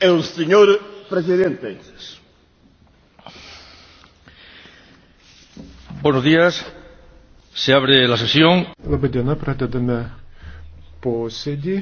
El señor presidente. Buenos días. Se abre la sesión. Labai diena, pradedame posėdį.